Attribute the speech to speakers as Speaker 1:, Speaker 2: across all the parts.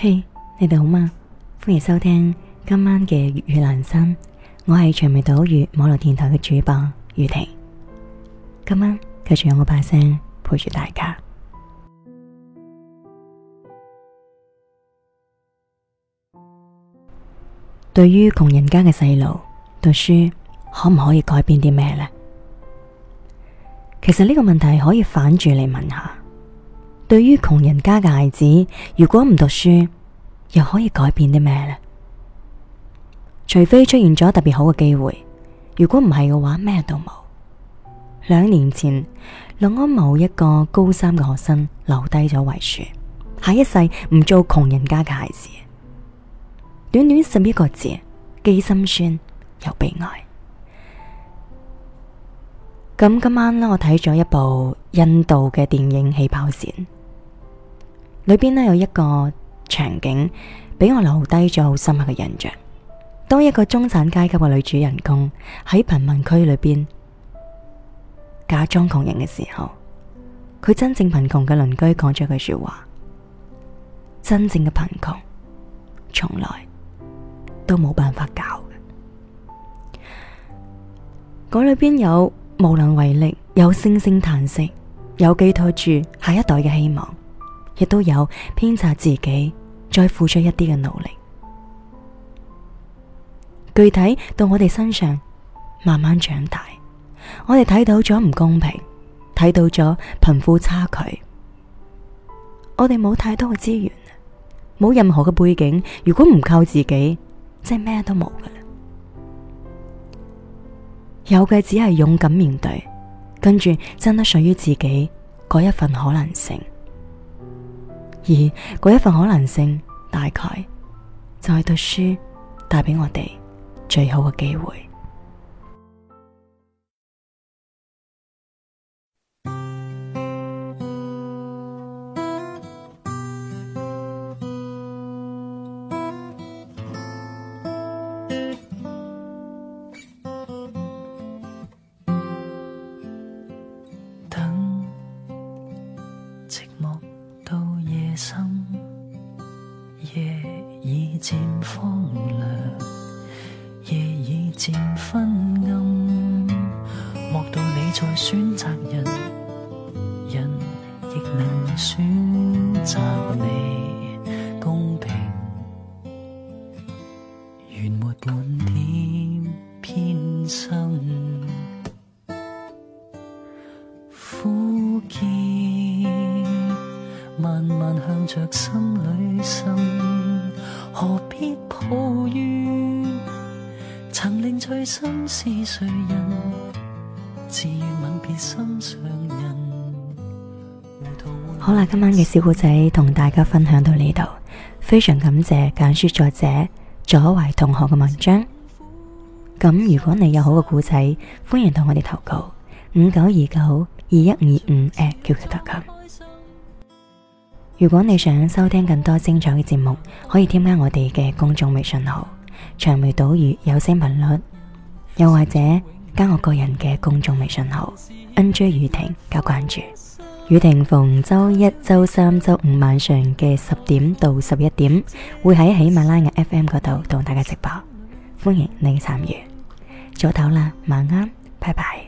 Speaker 1: 嘿，hey, 你哋好嗎？歡迎收聽今晚嘅粵語蘭心，我係長尾島粵網絡電台嘅主播雨婷。今晚繼續用我把聲陪住大家。 對於窮人家嘅細路讀書，可唔可以改變啲咩呢？其實呢個問題可以反住嚟問下：對於窮人家嘅孩子，如果唔讀書，又可以改變啲咩呢？除非出現咗特別好嘅機會，如果唔係嘅話，咩都冇。兩年前，六安某一個高三嘅學生留低咗遺書，下一世唔做窮人家嘅孩子。短短十一個字，既心酸又悲哀。咁今晚咧，我睇咗一部印度嘅電影《起跑線》，裏邊咧有一個。場景俾我留低咗好深刻嘅印象。當一個中產階級嘅女主人公喺貧民區裏邊假裝窮人嘅時候，佢真正貧窮嘅鄰居講咗句說話：真正嘅貧窮從來都冇辦法教嘅。嗰裏邊有無能為力，有聲聲嘆息，有寄托住下一代嘅希望。亦都有鞭策自己，再付出一啲嘅努力。具體到我哋身上，慢慢長大，我哋睇到咗唔公平，睇到咗貧富差距，我哋冇太多嘅資源，冇任何嘅背景。如果唔靠自己，即係咩都冇噶啦。有嘅只係勇敢面對，跟住爭得屬於自己嗰一份可能性。而嗰一份可能性，大概就係讀書帶俾我哋最好嘅機會。
Speaker 2: 漸荒涼，夜已漸昏暗。莫道你在選擇人，人亦能選擇你，公平，原沒半點偏心。苦澀慢慢向着心。何必抱怨？曾令最心是誰人？自願吻別心上人。好啦，今
Speaker 1: 晚嘅小古仔同大家分享到呢度，非常感謝簡書作者左懷同學嘅文章。咁如果你有好嘅古仔，歡迎同我哋投稿，五九二九二一五五誒，qq.com 如果你想收聽更多精彩嘅節目，可以添加我哋嘅公眾微信號“長眉島嶼有聲頻率”，又或者加我個人嘅公眾微信號 “NJ 雨婷”加關注。雨婷逢周一、周三、周五晚上嘅十點到十一點，會喺喜馬拉雅 FM 嗰度同大家直播。歡迎你參與。早唞啦，晚安，拜拜。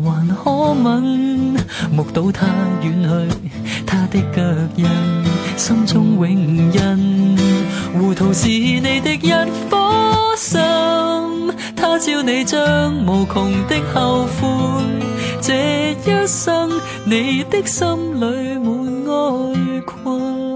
Speaker 2: 還可吻，目睹他遠去，他的腳印，心中永印。糊塗是你的一顆心，他朝你將無窮的後悔，這一生你的心裏滿哀困。